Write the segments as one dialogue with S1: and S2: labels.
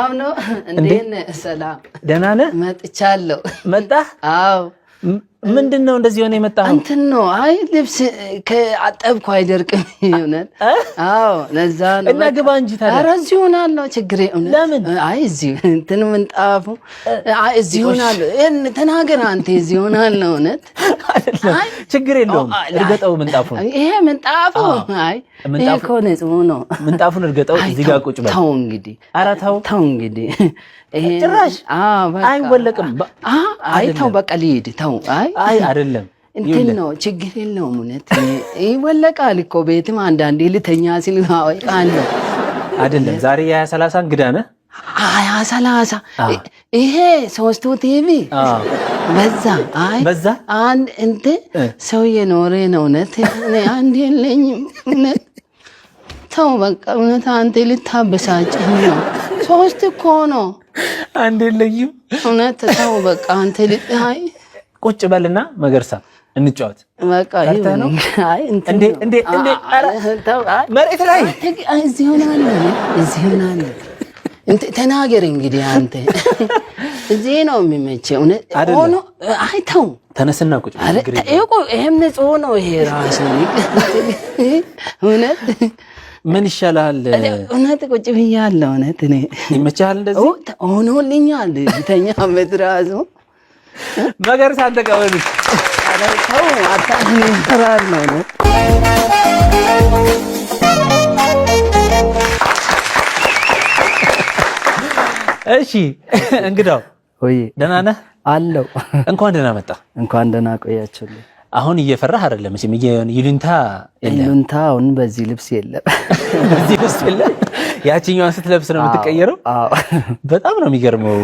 S1: አሁን እንዴት ነህ? ሰላም ደህና ነህ? መጥቻለሁ። መጣህ? አዎ።
S2: ምንድን ነው እንደዚህ ሆነ የመጣህ?
S1: እንትን ነው። አይ ልብስ ከአጠብኩ አይደርቅም። አዎ፣ ለዛ
S2: ነው። እና ግባ እንጂ
S1: ታዲያ። ኧረ እዚህ ሆናለሁ። ችግር ለምን? አይ እዚህ እንትን ምንጣፉ። እዚህ ሆናለሁ። ተናገር አንተ። እዚህ ሆናለሁ። እውነት
S2: ችግር የለውም። እርገጠው ምንጣፉን፣
S1: ይሄ ምንጣፉ አይ ምንጣፉ ነው
S2: ምንጣፉን እርገጠው። እዚህ ጋር ቁጭ
S1: በል። ተው እንግዲህ፣ ኧረ ተው ተው እንግዲህ፣
S2: ጭራሽ አይወለቅም።
S1: አይ ተው በቃ ልሂድ። ተው አይ አይደለም እንትን ነው ችግር የለውም። እውነት ይወለቃል እኮ ቤትም አንዳንዴ ልተኛ ሲል ነው
S2: አይደለም። ዛሬ የሀያ ሰላሳ እንግዳ ነህ
S1: አሳ ለአሳ ይሄ ሶስቱ ቲቪ በዛ አይ በዛ አንድ ሰው የኖረ ነው። እውነት አንድ የለኝም። እውነት ተው በቃ እውነት አንተ ልታበሳጭኝ ነው። ሶስት እኮ ነው፣
S2: አንድ የለኝም።
S1: እውነት ተው በቃ አንተ
S2: ቁጭ በልና መገርሳ እንጫወት በቃ እንዴ እንዴ እንዴ መሬት ላይ
S1: እዚህ ሆናለ እዚህ ሆናለ ተናገር እንግዲህ አንተ እዚህ ነው የሚመቸህ። ሆኖ አይተው ተነስና ቁጭ ይህም ንጹህ ነው። ይሄ ራሱ እውነት
S2: ምን ይሻላል?
S1: እውነት ቁጭ ብያለሁ። እውነት
S2: ይመችሃል። እንደዚህ
S1: ሆኖልኛል። ተኛ መት ራሱ
S2: መገርሳ አንተ ቀበሉ
S1: ተው አታ ራር ነው እውነት
S2: እሺ እንግዳው ወይ ደህና ነህ አለው። እንኳን ደህና መጣ።
S1: እንኳን ደህና ቆያችሁልኝ።
S2: አሁን እየፈራህ አይደለም እሺ? ምየን ይሉንታ
S1: ይሉንታ አሁን በዚህ ልብስ የለም፣
S2: በዚህ ልብስ የለም። ያቺኛዋን ስትለብስ ነው የምትቀየረው። በጣም ነው የሚገርመው።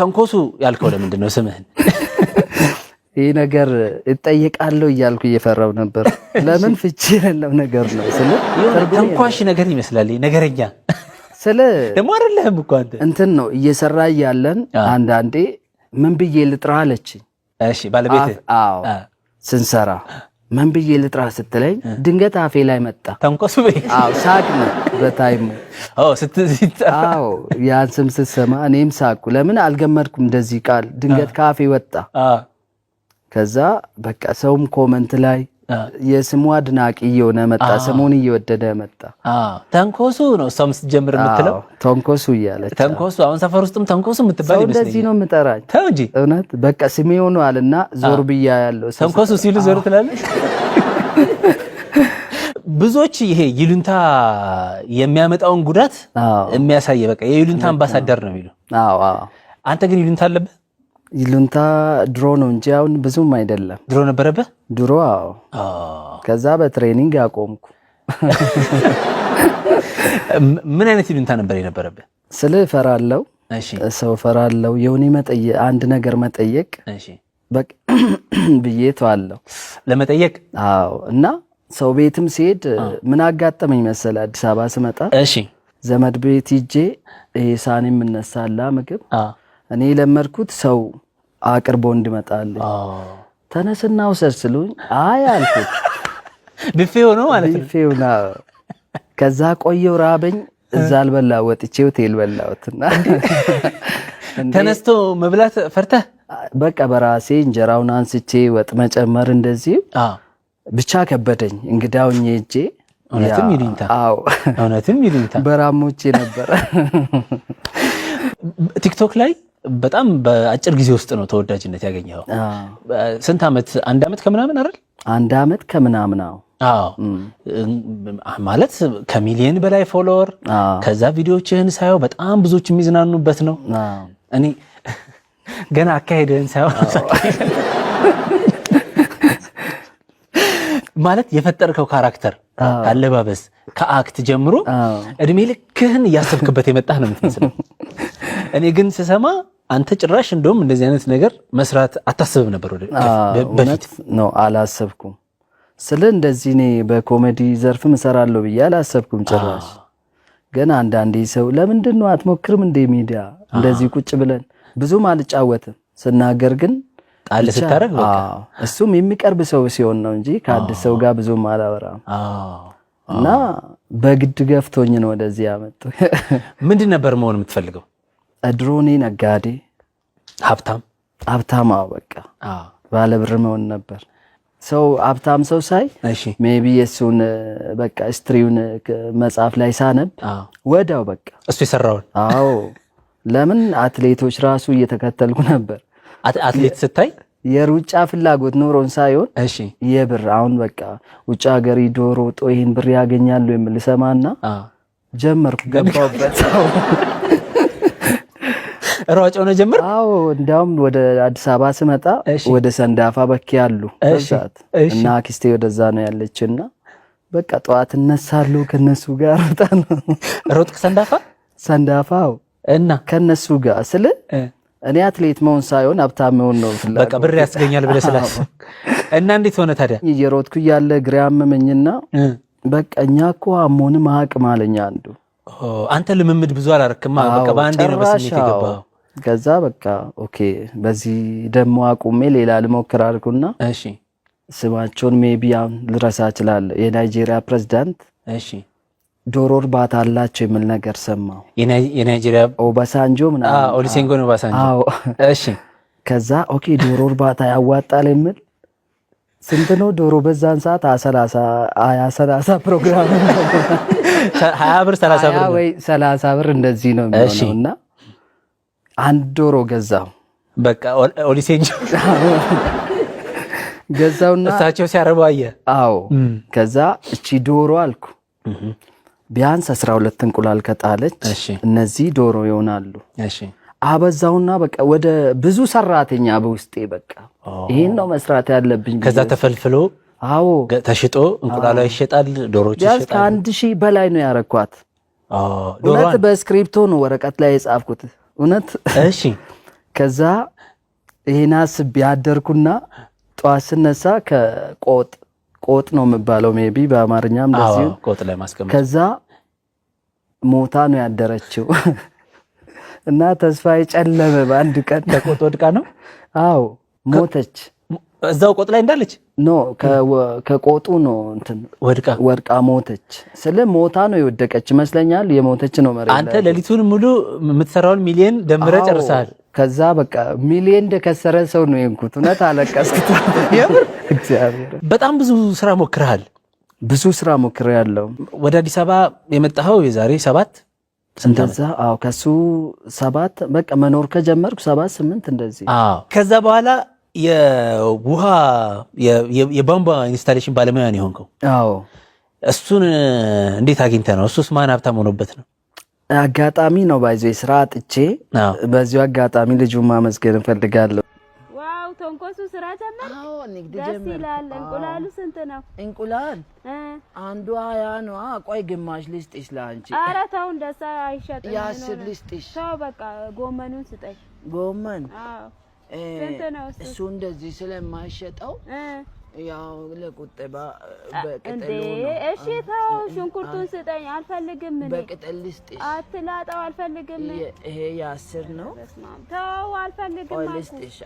S2: ተንኮሱ ያልከው ለምንድን ነው ስምህን?
S1: ይህ ነገር እጠይቃለሁ እያልኩ እየፈራው ነበር። ለምን ፍቺ የሌለው ነገር ነው ስለ
S2: ተንኳሽ ነገር ይመስላል ነገረኛ ስለ ደግሞ አይደለህም እኮ አንተ
S1: እንትን ነው እየሰራ እያለን አንዳንዴ ምን ብዬ ልጥራ አለችኝ። እሺ ባለቤት አዎ ስንሰራ ምን ብዬ ልጥራ ስትለኝ ድንገት አፌ ላይ መጣ ተንኮሱ። አዎ ሳቅ ነው በታይሙ። አዎ ያን ስም ስትሰማ እኔም ሳቅኩ። ለምን አልገመድኩም እንደዚህ ቃል ድንገት ከአፌ ወጣ። ከዛ በቃ ሰውም ኮመንት ላይ የስሙ አድናቂ እየሆነ መጣ። ስሙን እየወደደ መጣ።
S2: ተንኮሱ ነው እሷ ስትጀምር የምትለው
S1: ተንኮሱ እያለች
S2: ተንኮሱ። አሁን ሰፈር ውስጥም ተንኮሱ የምትባል ይመስለኛል።
S1: እንደዚህ ነው የምጠራኝ። ተው እንጂ እውነት በቃ ስሜ ሆኗል። እና ዞር ብያ ያለው
S2: ተንኮሱ ሲሉ ዞር ትላለች። ብዙዎች ይሄ ይሉንታ የሚያመጣውን ጉዳት የሚያሳየ በቃ የይሉንታ አምባሳደር ነው የሚሉ። አንተ ግን ይሉንታ አለብህ
S1: ይሉንታ ድሮ ነው እንጂ አሁን ብዙም አይደለም። ድሮ ነበረብህ? ድሮ አዎ። ከዛ በትሬኒንግ አቆምኩ።
S2: ምን አይነት ይሉንታ ነበር የነበረብህ?
S1: ስለ እፈራለሁ፣ ሰው እፈራለሁ፣ የሆነ አንድ ነገር መጠየቅ ብዬ ተዋለሁ ለመጠየቅ። አዎ። እና ሰው ቤትም ሲሄድ ምን አጋጠመኝ መሰለ አዲስ አበባ ስመጣ፣ እሺ፣ ዘመድ ቤት ሂጄ ይሄ ሳህን የምነሳላ ምግብ እኔ የለመድኩት ሰው አቅርቦ እንድመጣልኝ ተነስና ውሰድ ስሉኝ አይ አልኩት።
S2: ብፌ ሆኖ ማለት
S1: ነው። ከዛ ቆየው ራበኝ። እዛ አልበላ ወጥቼ ሆቴል በላሁትና
S2: ተነስቶ መብላት ፈርተህ
S1: በቃ በራሴ እንጀራውን አንስቼ ወጥ መጨመር እንደዚህ ብቻ ከበደኝ። እንግዳውኝ እጄ
S2: እውነትም ይሉኝታ፣ እውነትም ይሉኝታ።
S1: በራሞቼ ነበረ
S2: ቲክቶክ ላይ በጣም በአጭር ጊዜ ውስጥ ነው ተወዳጅነት ያገኘው። ስንት ዓመት? አንድ ዓመት ከምናምን አይደል?
S1: አንድ ዓመት ከምናምን።
S2: አዎ ማለት ከሚሊየን በላይ ፎሎወር። ከዛ ቪዲዮዎችህን ሳየው በጣም ብዙዎች የሚዝናኑበት ነው። እኔ ገና አካሄድህን ሳየው ማለት የፈጠርከው ካራክተር ካለባበስ፣ ከአክት ጀምሮ እድሜ ልክህን እያሰብክበት የመጣህ ነው የምትመስለው። እኔ ግን ስሰማ አንተ ጭራሽ እንደውም እንደዚህ አይነት ነገር መስራት አታስብም ነበር?
S1: በፊት ነው አላሰብኩም። ስለ እንደዚህ እኔ በኮሜዲ ዘርፍም እሰራለሁ ብዬ አላሰብኩም ጭራሽ። ግን አንዳንዴ ሰው ለምንድን ነው አትሞክርም እንደ ሚዲያ እንደዚህ ቁጭ ብለን ብዙም አልጫወትም ስናገር ግን
S2: ጣል ስታረግ
S1: እሱም የሚቀርብ ሰው ሲሆን ነው እንጂ ከአዲስ ሰው ጋር ብዙም አላወራም። እና በግድ ገፍቶኝ ነው ወደዚህ ያመጡ።
S2: ምንድን ነበር መሆን የምትፈልገው?
S1: ድሮኔ ነጋዴ ሀብታም ሀብታም በቃ ባለብር መሆን ነበር። ሰው ሀብታም ሰው ሳይ ቢ የእሱን በቃ ስትሪውን መጽሐፍ ላይ ሳነብ ወዳው በቃ እሱ የሰራውን አዎ፣ ለምን አትሌቶች ራሱ እየተከተልኩ ነበር።
S2: አትሌት ስታይ
S1: የሩጫ ፍላጎት ኖሮን
S2: ሳይሆን
S1: የብር አሁን በቃ ውጭ ሀገር ዶሮ ጦ ይህን ብር ያገኛሉ የምልሰማና ጀመርኩ ገባሁበት።
S2: ሯጮ ነው ጀምር።
S1: አዎ፣ እንዲያውም ወደ አዲስ አበባ ስመጣ ወደ ሰንዳፋ በኪ ያሉ ሰዓት እና አክስቴ ወደዛ ነው ያለችና በቃ ጠዋት እነሳሉ ከነሱ ጋር በጣም ሮጥክ። ሰንዳፋ ሰንዳፋው እና ከነሱ ጋር ስለ እኔ አትሌት መሆን ሳይሆን ሀብታም መሆን ነው
S2: ፍላጎት። በቃ ብር ያስገኛል ብለህ ስላሰብክ እና እንዴት ሆነ ታዲያ?
S1: እየሮጥኩ እያለ እግሬ አመመኝና በቃ እኛ እኮ አሞንም አቅም አለኝ አንዱ።
S2: አንተ ልምምድ ብዙ አላረክማ፣ በቃ በአንዴ ነው
S1: በስሜት የገባኸው ከዛ በቃ ኦኬ፣ በዚህ ደግሞ አቁሜ ሌላ ልሞክር አልኩና ስማቸውን ሜቢ ልረሳ እችላለሁ። የናይጄሪያ ፕሬዚዳንት ዶሮ እርባታ አላቸው የሚል ነገር ሰማሁ። የናይጄሪያ ኦባሳንጆ
S2: ምናምን ኦሉሴጉን ኦባሳንጆ።
S1: ከዛ ኦኬ፣ ዶሮ እርባታ ያዋጣል የሚል ስንት ነው ዶሮ በዛን ሰዓት ሀያ ሰላሳ ፕሮግራም ሀያ ብር ሰላሳ ብር እንደዚህ ነው የሚሆነውና አንድ ዶሮ ገዛው።
S2: በቃ ኦሊሴንጅ ገዛውና እሳቸው ሲያረቡ አየ።
S1: አዎ ከዛ እቺ ዶሮ አልኩ ቢያንስ አስራ ሁለት እንቁላል ከጣለች እነዚህ ዶሮ ይሆናሉ። አበዛውና በቃ ወደ ብዙ ሰራተኛ በውስጤ በቃ ይህን ነው መስራት ያለብኝ።
S2: ከዛ ተፈልፍሎ አዎ ተሽጦ እንቁላሏ ይሸጣል፣ ዶሮች
S1: ይሸጣል። ከአንድ ሺህ በላይ ነው ያረኳት። እውነት በስክሪፕቶ ነው ወረቀት ላይ የጻፍኩት። እውነት እሺ። ከዛ ይሄን አስቤ አደርኩና ጠዋት ስነሳ ከቆጥ ቆጥ ነው የሚባለው ሜቢ በአማርኛም እንደዚህ
S2: ቆጥ ላይ ማስቀመጥ።
S1: ከዛ ሞታ ነው ያደረችው እና ተስፋ የጨለመ በአንድ ቀን
S2: ከቆጥ ወድቃ ነው።
S1: አዎ ሞተች።
S2: እዛው ቆጥ ላይ እንዳለች
S1: ኖ ከቆጡ ነው እንትን ወድቃ ወድቃ ሞተች። ስለ ሞታ ነው የወደቀች ይመስለኛል። የሞተች ነው
S2: መሬት። አንተ ሌሊቱን ሙሉ የምትሰራውን ሚሊየን ደምረ ጨርሰሃል።
S1: ከዛ በቃ ሚሊየን እንደከሰረ ሰው ነው የንኩት። እውነት አለቀስኩት።
S2: በጣም ብዙ ስራ ሞክረሃል።
S1: ብዙ ስራ ሞክረ ያለው
S2: ወደ አዲስ አበባ የመጣኸው የዛሬ ሰባት
S1: እንደዛ አዎ፣ ከሱ ሰባት በቃ መኖር ከጀመርኩ ሰባት ስምንት እንደዚህ።
S2: ከዛ በኋላ የውሃ የቧንቧ ኢንስታሌሽን ባለሙያ የሆንከው። እሱን እንዴት አግኝተ ነው? እሱስ ማን ሀብታም ሆኖበት ነው?
S1: አጋጣሚ ነው ባይዞ ስራ አጥቼ፣ በዚሁ አጋጣሚ ልጁ ማመስገን እንፈልጋለሁ።
S3: ዋው ተንኮሱ ስራ ጀመር። አዎ ንግድ እንቁላሉ ስንት ነው?
S1: እንቁላል አንዱ ሀያ ነው። ቆይ ግማሽ ልስጥሽ ለአንቺ።
S3: ኧረ ተው እንደዛ አይሸጥም።
S1: የአስር ልስጥሽ።
S3: ተው በቃ ጎመኑን ስጠሽ
S1: ጎመን እሱ እንደዚህ ስለማይሸጠው ያው ለቁጠባ
S3: ነው። እሺ ሽንኩርቱን ስጠኝ፣ አልፈልግም።
S1: በቅጠል ልስጥ
S3: አትላጣው፣ አልፈልግም።
S1: ይሄ የአስር ነው።
S3: ተው፣ አልፈልግም።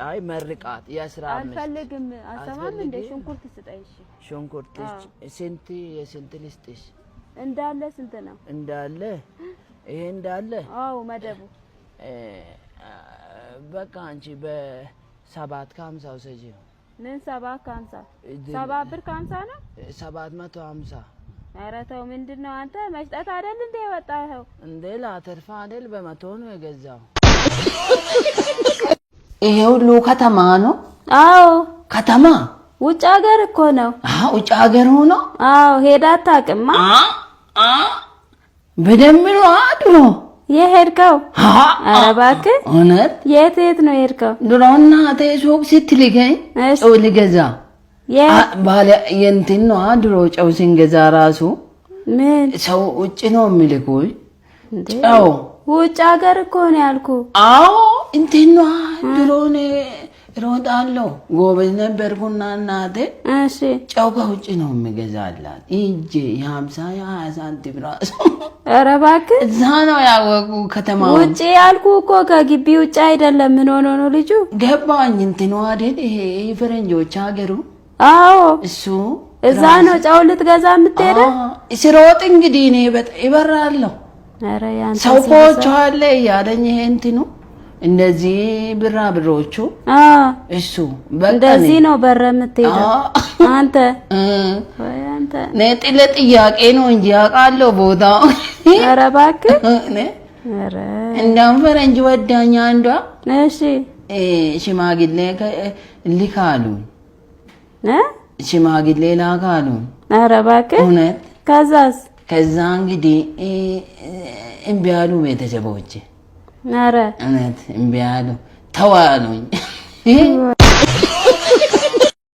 S1: አይ መርቃት የአስራ
S3: አምስት አልፈልግም። አሰማም እንደ ሽንኩርት ስጠኝ። እሺ
S1: ሽንኩርት ስንት የስንት ልስጥሽ?
S3: እንዳለ ስንት ነው?
S1: እንዳለ ይሄ እንዳለ። አዎ መደቡ በቃ አንቺ በሰባት ከሀምሳ ውሰጂ ነው።
S3: ምን ሰባት ከሀምሳ ሰባት ብር ከሀምሳ ነው።
S1: ሰባት መቶ ሀምሳ
S3: ኧረ ተው፣ ምንድን ነው አንተ መሽጠት አይደል እንደ የወጣኸው
S1: እንደ ላተርፋ አይደል? በመቶ ነው የገዛው። ይሄ ሁሉ ከተማ ነው? አዎ ከተማ።
S3: ውጭ ሀገር እኮ ነው።
S1: ውጭ ሀገር ሆኖ?
S3: አዎ ሄዳ አታውቅማ።
S1: በደምብ ነው አድሮ
S3: የሄድከው ኧረ እባክህ እውነት የት የት ነው የሄድከው?
S1: ድሮና እናቴ ሱቅ ስትልከኝ ጨው ልገዛ የእንትን ነዋ። ድሮ ጨው ስንገዛ ራሱ ሰው ውጭ ነው የሚልኩኝ ጨው
S3: ውጭ ሀገር እኮ ነው ያልኩህ።
S1: አዎ እንትን ነዋ ድሮ እሮጣለሁ። ጎበዝ ነበርኩና እናቴ ጨው ከውጭ ነው የምገዛላት። ሂጄ የሀምሳ የሀያ ሳንቲም ራሱ
S3: ኧረ እባክህ
S1: እዛ ነው ያወቁ ከተማ
S3: ውጭ ያልኩ እኮ ከግቢ ውጭ አይደለም። ምን ሆኖ ነው ልጁ?
S1: ገባኝ። እንትኑ አይደል ይሄ ፈረንጆች ሀገሩ። አዎ እሱ
S3: እዛ ነው ጨው ልትገዛ የምትሄደ
S1: ስሮጥ እንግዲህ እኔ በጣም ይበራለሁ። ሰው ኮቾ እያለኝ ይሄ እንትኑ እንደዚህ ብራ ብሮቹ እሱ
S3: እንደዚህ ነው። በረ የምትሄደው አንተ
S1: ነጥለ ጥያቄ ነው እንጂ አውቃለሁ ቦታው።
S3: ኧረ እባክህ
S1: እንዳውም ፈረንጅ ወዳኛ አንዷ እሺ ሽማግሌ ልካሉ ሽማግሌ ላካሉ።
S3: ኧረ እባክህ እውነት። ከዛስ
S1: ከዛ እንግዲህ እምቢ አሉ ቤተሰቦቼ ኧረ እምቢ አሉ ተው አሉኝ።